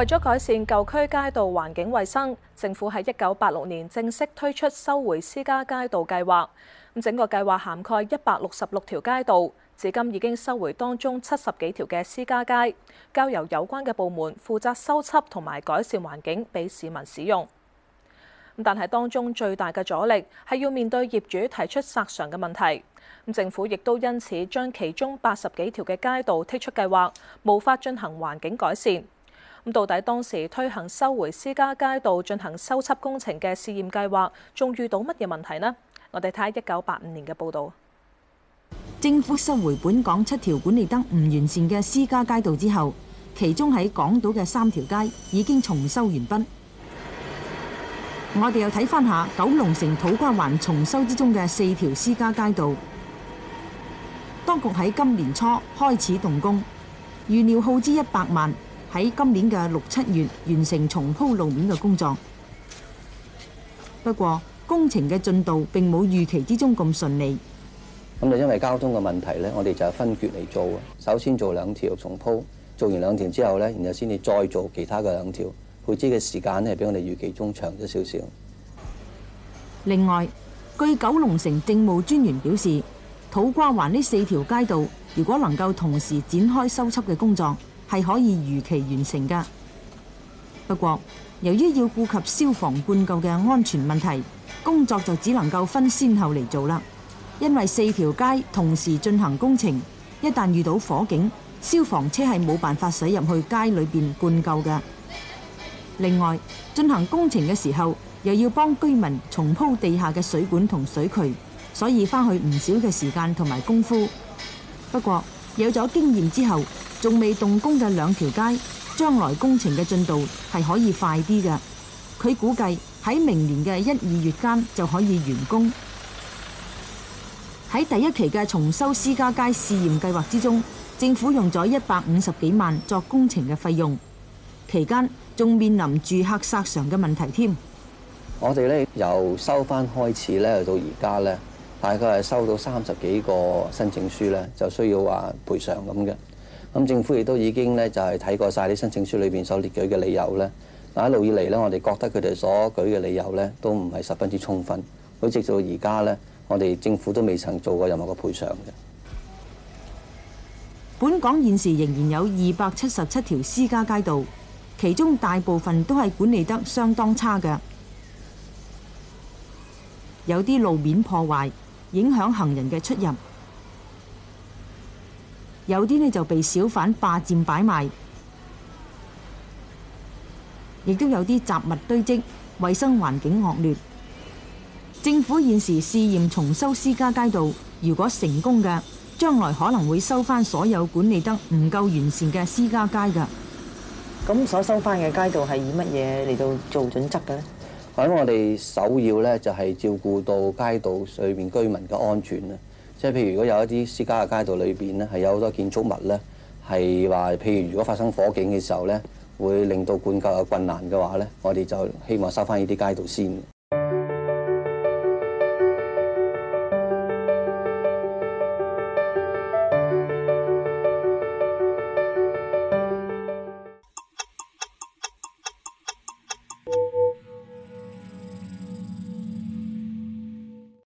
為咗改善舊區街道環境衛生，政府喺一九八六年正式推出收回私家街道計劃。咁整個計劃涵蓋一百六十六條街道，至今已經收回當中七十幾條嘅私家街，交由有關嘅部門負責修葺同埋改善環境，俾市民使用。但係當中最大嘅阻力係要面對業主提出索償嘅問題。政府亦都因此將其中八十幾條嘅街道剔出計劃，無法進行環境改善。咁到底當時推行收回私家街道進行修葺工程嘅試驗計劃，仲遇到乜嘢問題呢？我哋睇一九八五年嘅報道。政府收回本港七條管理得唔完善嘅私家街道之後，其中喺港島嘅三條街已經重修完畢。我哋又睇翻下九龍城土瓜灣重修之中嘅四條私家街道，當局喺今年初開始動工，預料耗資一百萬。喺今年嘅六七月完成重鋪路面嘅工作。不過工程嘅進度並冇預期之中咁順利。咁就因為交通嘅問題呢，我哋就分段嚟做。首先做兩條重鋪，做完兩條之後呢，然後先至再做其他嘅兩條。配置嘅時間呢，係比我哋預期中長咗少少。另外，據九龍城政務專員表示，土瓜灣呢四條街道如果能夠同時展開收葺嘅工作，係可以如期完成㗎。不過，由於要顧及消防灌救嘅安全問題，工作就只能夠分先後嚟做啦。因為四條街同時進行工程，一旦遇到火警，消防車係冇辦法駛入去街裏面灌救㗎。另外，進行工程嘅時候，又要幫居民重鋪地下嘅水管同水渠，所以花去唔少嘅時間同埋功夫。不過，有咗經驗之後，仲未動工嘅兩條街，將來工程嘅進度係可以快啲嘅。佢估計喺明年嘅一二月間就可以完工。喺第一期嘅重修私家街試驗計劃之中，政府用咗一百五十幾萬作工程嘅費用，期間仲面臨住客索償嘅問題添。我哋咧由收翻開始咧到而家咧，大概係收到三十幾個申請書咧，就需要話賠償咁嘅。咁政府亦都已經咧，就係睇過晒啲申請書裏邊所列舉嘅理由咧。嗱，一路以嚟咧，我哋覺得佢哋所舉嘅理由咧，都唔係十分之充分。佢直到而家咧，我哋政府都未曾做過任何嘅賠償嘅。本港現時仍然有二百七十七條私家街道，其中大部分都係管理得相當差嘅，有啲路面破壞，影響行人嘅出入。有啲呢就被小販霸占擺賣，亦都有啲雜物堆積，衛生環境惡劣。政府現時試驗重修私家街道，如果成功嘅，將來可能會收翻所有管理得唔夠完善嘅私家街㗎。咁所收翻嘅街道係以乜嘢嚟到做準則嘅呢？反我哋首要呢，就係照顧到街道上面居民嘅安全。即係譬如，如果有一啲私家嘅街道裏面咧，係有好多建築物咧，係話譬如如果發生火警嘅時候咧，會令到灌救有困難嘅話咧，我哋就希望收翻呢啲街道先。